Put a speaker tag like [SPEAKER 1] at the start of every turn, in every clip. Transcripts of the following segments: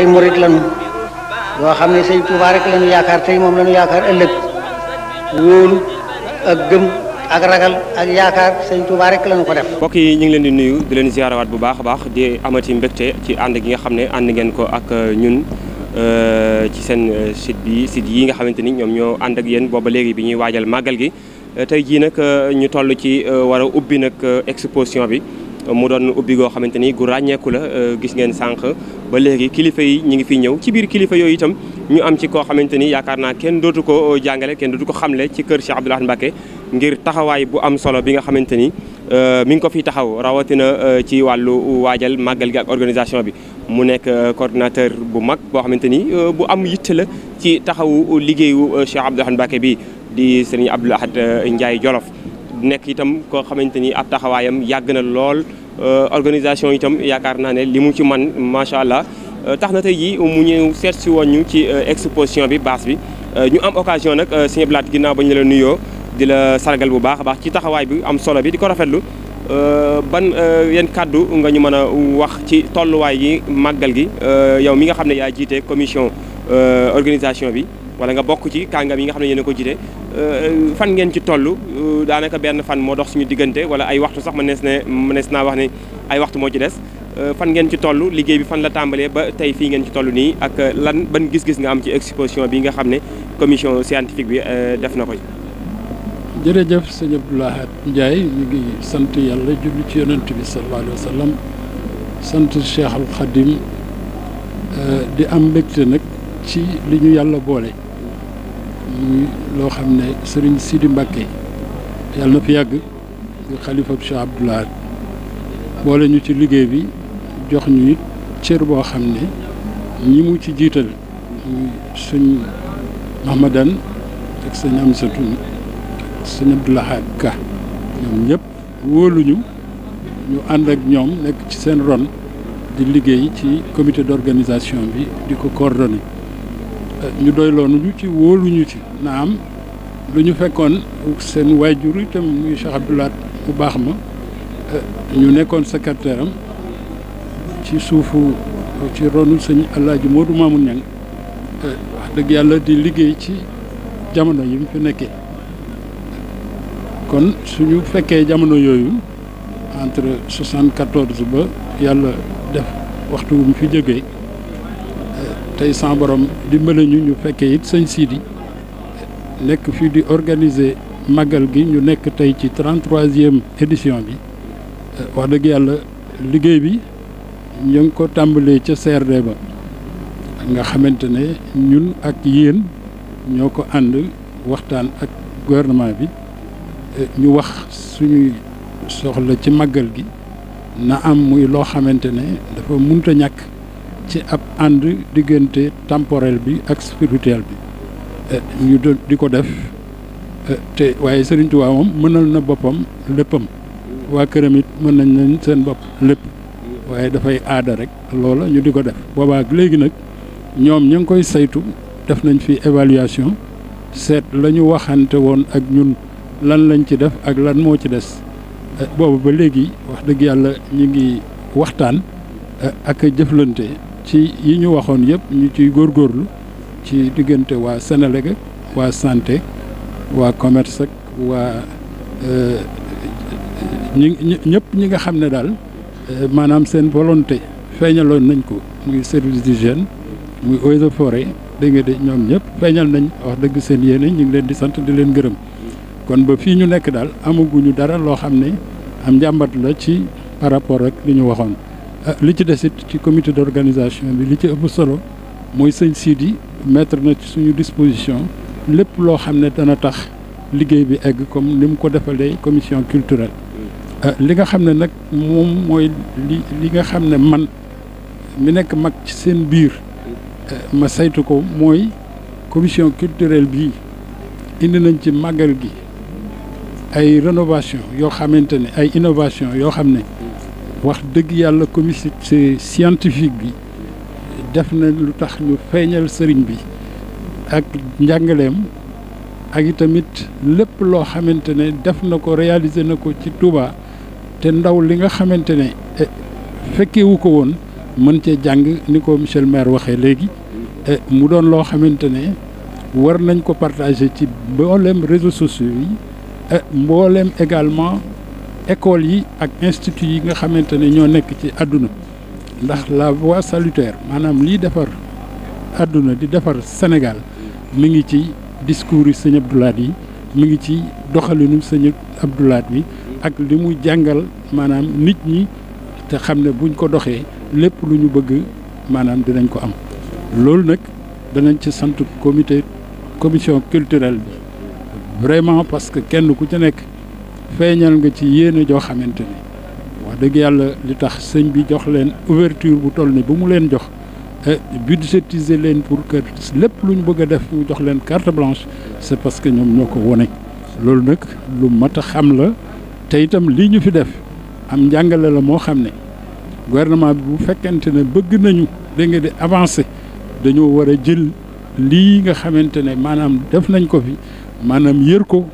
[SPEAKER 1] ay murit lañu yoo xam ne sëñ Tuubaa rek lañu yaakaar tey moom lañu yaakaar ëllëg wóolu ak gëm ak ragal ak yaakaar sëñ rek lañu ko def.
[SPEAKER 2] mbokk yi ñu ngi leen di nuyu di leen ziarawaat bu baax a baax di amati mbégte ci ànd gi nga xam ne ànd ngeen ko ak euh, ñun. Euh, ci seen euh, site bi site yi nga xamante ni ñoom ñoo ànd ak yéen booba léegi bi ñuy waajal màggal gi tey jii nag ñu toll ci war ubbi nag exposition bi mu doon ubbi goo xamante ni gu ràññeeku la euh, gis ngeen sànq ba léegi kilifa yi ñu ngi fiy ñëw ci biir kilifa yooyu itam ñu am ci koo xamante ni yaakaar naa kenn dootu ko euh, jàngale kenn dootu ko xamle ci kër Cheikh Abdoul ngir taxawaay bu am solo bi nga xamante ni euh, mi ngi ko fiy taxaw rawatina ci wàllu waajal màggal gi bi mu nekk coordinateur bu mag boo xamante ni bu am yitte la ci taxawu liggéeyu Cheikh Abdoul Ahad bi di Serigne Abdoul Ahad Ndiaye Jolof nekk itam koo xamante ni ab taxawaayam yàgg na lool Euh, organisation itam yaakaar naa ne li mu ci man macha allah euh, tax na tey jii mu ñëw seet si woon ñu ci euh, exposition bi baas bi ñu am occasion nag sëñ Blaat ginnaaw ba ñu la nuyoo di la sargal bu baax a baax ci taxawaay bi am solo bi di ko rafetlu ban yenn kàddu nga ñu mën a wax ci tolluwaay yi màggal gi yow mi nga xam ne yaa jiite commission organisation bi. wala nga bokk ci kàngam yi nga xam ne yéen a ko jiite euh, fan ngeen ci toll euh, daanaka benn fan moo dox suñu diggante wala ay waxtu sax mënees ne mënees naa wax ne ay waxtu moo ci des euh, fan ngeen ci tollu liggéey bi fan la tàmbalee ba tey fii ngeen ci tollu nii ak lan ban gis-gis nga am ci exposition bi nga xam ne commission scientifique bi def na ko ci.
[SPEAKER 1] jërëjëf sëñ Abdoulahat Ndiaye ñu ngi sant yàlla julli ci yonent bi sallallahu alayhi wa sallam sant Cheikh al di am mbégte nag ci li ñu yàlla boole. muy loo xam ne sëriñ Sidi Mbacke yàlla na fi yàgg di xalifa Cheikh Abdou boole ñu ci liggéey bi jox ñu it cër boo xam ne ñi mu ci jiital muy sëñ Mahmadan ak sëñ Amsatu ak sëñ Abdou Lahad Ka ñoom ñëpp wóoluñu ñu ànd ak ñoom nekk ci seen ron di liggéey ci comité d'organisation bi di ko coordonné ñu doy loonu ñu ci wóoluñu ci naam lu ñu fekkoon seen waajur itam muy Cheikh Abdoulaat bu baax ma eh, ñu nekkoon secrétaire am ci suufu ci ronu sëñ Alaaji Modou Mamoun Niang eh, wax dëgg yàlla di liggéey ci jamono yi mu fi nekkee kon suñu fekkee jamono yooyu entre soixante-quatorze ba yàlla def waxtu wu fi jógee tey sans borom dimbale ñu ñu fekkee it sëñ Sidi nekk fii di organise màggal gi ñu nekk tey ci 33e édition bi euh, wax dëgg yàlla liggéey bi ñu ko tàmbalee ca CRD ba nga xamante ne ñun ak yéen ñoo ko ànd waxtaan ak gouvernement bi euh, ñu wax suñuy soxla ci màggal gi na am muy loo xamante ne dafa munta ñàkk ci ab ànd diggante temporel bi ak spirituel bi eh, ñu di ko def eh, te waaye Sëriñ Tuubaa moom mënal na boppam léppam waa këramit mën nañ nañ seen bopp lépp waaye dafay aada rek loola ñu di ko def boobaa léegi nag ñoom ñu ngi koy saytu def nañ fi évaluation seet lañu waxante woon ak ñun lan lañ ci def ak lan moo ci des eh, boobu ba léegi wax dëgg yàlla ñu ngi waxtaan ak jëflante ci yi ñu waxoon yëpp ñu ciy góorgóorlu ci diggante waa seneleg waa santé waa commerce ak waa euh, ñi ñëpp ñi nga xam ne daal euh, maanaam seen volonté feeñaloon nañ ko muy service d'hygiène muy eaux et forêt de ñoom ñëpp feeñal nañ wax dëgg seen yéene ñu ngi leen di sant di leen gërëm kon ba fii ñu nekk daal amaguñu dara loo xam ne am njàmbat la ci par rapport ak li ñu waxoon Euh, li ci desit ci comité d'organisation bi li ci ëpp solo mooy sëñ Sidi mettre na ci suñu disposition lépp loo xam ne dana tax liggéey bi egg comme ni mu ko defalee commission culturelle euh, li nga xam ne nag moom mooy li li nga xam ne man mi nekk mag ci seen biir euh, ma saytu ko mooy commission culturelle bi indi nañ ci màggal gi ay rénovation yoo xamante ne ay innovation yoo xam ne wax dëgg yàlla comité scientifique bi def na lu tax ñu feeñal sëriñ bi ak njàngaleem ak itamit lépp loo xamante ne def na ko réaliser na ko ci Touba te ndaw li nga xamante ne eh, fekkewu ko woon mën cee jàng ni ko monsieur maire waxee léegi eh, mu doon loo xamante ne war nañ ko partager ci mboolem réseaux sociaux yi eh, mboolem également école yi ak institut yi nga xamante ne ñoo nekk ci àdduna ndax la voie salutaire maanaam lii defar àdduna di defar Sénégal mi ngi ci discours yi sëñ Abdou yi mi ngi ci doxalinu sëñ Abdou Lahad bi ak li mu jàngal maanaam nit ñi te xam ne buñ ko doxee lépp lu ñu bëgg maanaam dinañ ko am loolu nag danañ ci sant comité commission culturelle bi vraiment parce que kenn ku ca nekk feeñal nga ci yéene joo xamante ne wax dëgg yàlla li tax sëñ bi jox leen ouverture bu toll ni bu mu leen jox eh, budgétiser leen pour que lépp lu ñu bëgg a def mu jox leen carte blanche c'est parce que ñoom ñoo ko wone loolu nag lu mat a xam la te itam lii ñu fi def am njàngale la moo xam ne gouvernement bi bu fekkente ne bëgg nañu da nga di avancer dañoo war a jël lii nga xamante ne maanaam def nañ ko fi maanaam yër ko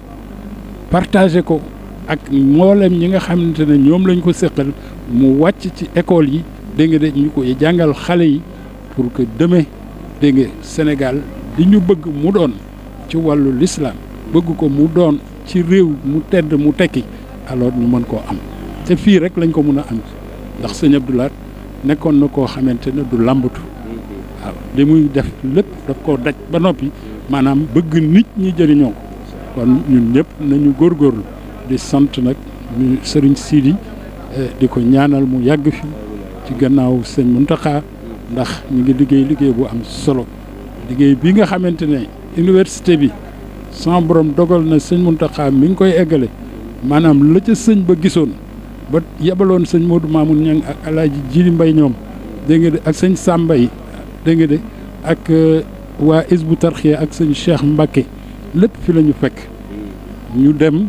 [SPEAKER 1] partager ko ak mboolem ñi nga xamante ne ñoom lañ ko séqal mu wàcc ci école yi dégg nga ñu ko jàngal xale yi pour que demain dégg nga Sénégal li ñu bëgg mu doon ci wàllu l'islam bëgg ko mu doon ci réew mu tedd mu tekki alors ñu mën koo am te fii rek lañ ko mën a am ndax sëñ Abdou Lahad nekkoon na koo xamante ne du làmbatu waaw li muy def lépp daf koo daj ba noppi maanaam bëgg nit ñi jëriñoo ko kon ñun ñëpp nañu góorgóorlu di sant nag ñu sëriñ Sidi eh, di ko ñaanal mu yàgg fi ci gannaaw sëñ Mountakha ndax ñu ngi liggéey liggéey bu am solo liggéey bi nga xamante ne université bi sama borom dogal na sëñ Mountakha mi ngi koy eggale maanaam la ca sëñ ba gisoon ba yebaloon sëñ moodu Mamoun Niang ak Alaaji Jili Mbay ñoom dégg de ak sëñ Samba yi dégg nga de ak eh, waa Hizbut Tarqiyyah ak sëñ Cheikh Mbacké lépp fi la ñu fekk ñu dem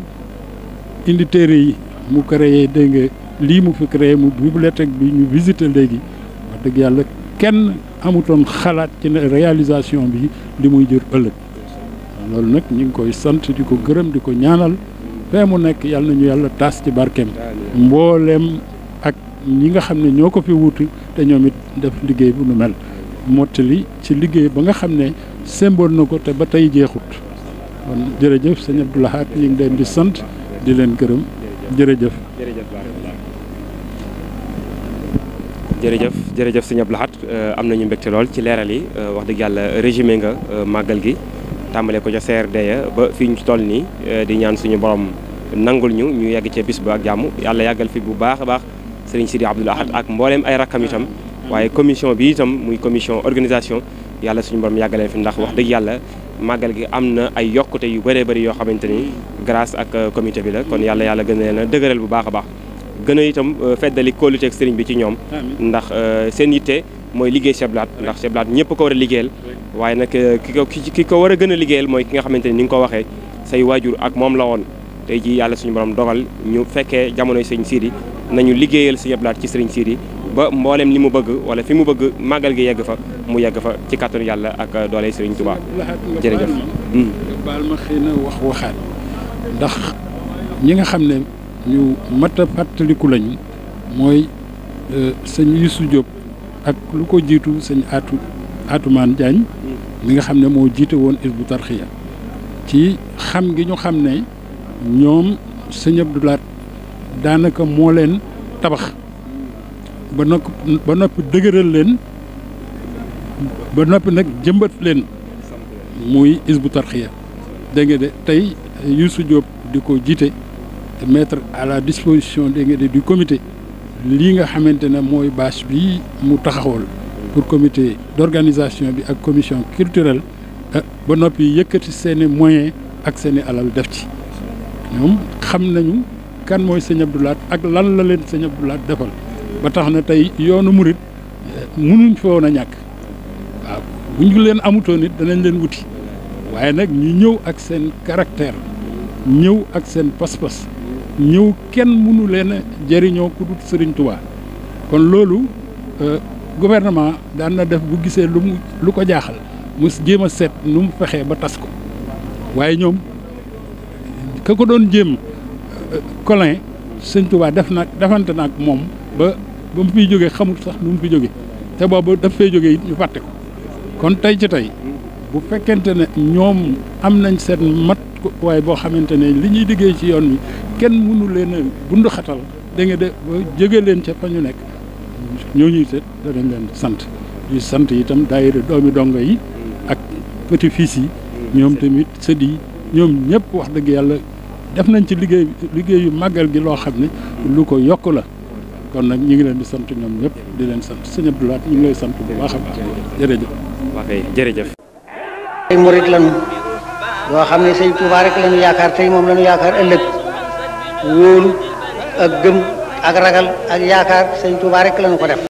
[SPEAKER 1] indi téere yi mu créé dégg nga lii mu fi créé mu bibliothèque bi ñu visité léegi wax dëgg yàlla kenn amutoon xalaat ci ne réalisation bi li muy jur ëllëg loolu nag ñu ngi koy sant di ko gërëm di ko ñaanal fee mu nekk yàlla nañu yàlla taas ci barkeem mbooleem ak ñi nga xam ne ñoo ko fi wuutu te ñoom it def liggéey bu nu mel mottali ci liggéey ba nga xam ne semboon na ko te ba tey jeexut kon jërëjëf sëñ Abdou Lahad ñu ngi di sant di leen gërëm jërëjëf jërëjëf jërëjëf
[SPEAKER 2] jërëjëf sëñ Abdou Lahad euh, am nañu mbégte lool ci leeral yi euh, wax dëgg yàlla résumé nga euh, màggal gi tàmbale ko ca CRD ya ba fii ñu toll nii di ñaan suñu borom nangul ñu ñu yegg ci bis ba ak jàmm yàlla yàggal fi bu baax a baax sëriñ Sidi Abdou Lahad ak mbooleem ay rakkam itam waaye commission bi itam muy commission organisation yàlla suñu borom yàggaleen fi ndax wax dëgg yàlla màggal gi am na ay yokkute yu bëree bëri yoo xamante ni grace ak euh, comité bi la kon yàlla yàlla gën leen a dëgëral bu baax a baax gën a itam euh, feddali kóoluteeg sëriñ bi ci ñoom ndax euh, seen yitte mooy liggéey Cheikh ndax Cheikh Abdou ñëpp ko war a liggéeyal waaye nag ki ko ki ko war a gën a liggéeyal mooy ki nga xamante ni ni nga ko waxee say waajur ak moom la woon tey jii yàlla suñu borom dogal ñu fekkee jamono sëñ Sidi nañu liggéeyal Sëñ Abdou Lahad ci Serigne Sidi ba mbooleem li mu bëgg wala fi mu bëgg màggal gi yegg fa mu yegg fa ci kàttanu yàlla ak doole Serigne Touba jërëjëf hmm.
[SPEAKER 1] baal ma xëy na wax waxaat ndax ñi nga xam ne ñu mat a fàttaliku lañu mooy euh, sëñ Youssou Diop ak lu ko jiitu sëñ atu Atoumane Diagne hmm. mi nga xam ne moo jiite woon Hizbut Tarqiyyah ci xam gi ñu xam ne ñoom sëñ Abdou daanaka moo leen tabax ba noppi ba noppi dëgëral leen ba noppi nag jëmbat leen muy isbu tarxiya dégg nga de tey Youssou Diop di ko jiite mettre à la disposition dégg nga de du comité lii nga xamante ne mooy bâche bi mu taxawal pour comité d'organisation bi ak commission culturelle eh, ba noppi yëkkati seeni moyen ak seeni alal def ci ñoom xam nañu kan mooy sëñ Abdou Lahad ak lan la leen sëñ Abdou Lahad defal ba tax na tey yoonu murit eh, munuñ fa a ñàkk waaw bu ñu leen amutoo nit danañ leen wuti waaye nag ñu ñëw ak seen caractère ñëw ak seen pas-pas ñëw kenn munu leen a jëriñoo ku dul Sëriñ Tuubaa kon loolu euh, gouvernement daan def bu gisee lu mu lu ko jaaxal mu jéem a seet nu mu fexee ba tas ko waaye ñoom ka ko doon jéem. Colin sëñ Touba def nag defante nag moom ba ba mu fiy jógee xamul sax nu mu fi jóge te boobu daf fay jógee it ñu fàtte ko kon tey ci tey bu fekkente ne ñoom am nañ seen mat waaye boo xamante ne li ñuy liggéey ci yoon wi kenn mënu leen a bund xatal da nga de ba jóge leen ca fa ñu nekk ñooñu it danañ leen sant di sant itam daayira doomi dongo yi ak petit fils yi ñoom tamit sët yi ñoom ñëpp wax dëgg yàlla def nañ ci liggéey yu màggal gi loo xam ne lu ko yokk la kon nag ñu ngi leen di sant ñoom ñëpp di leen sant sëñ Abdou Lahat ñu ngi lay sant bu baax a baax jërëjëf. waa kay jërëjëf. ay murit xam ne sëñ Touba rek lañu yaakaar tey moom lañu yaakaar ëllëg wóolu ak gëm ak ragal ak yaakaar sëñ Touba rek lañu ko def.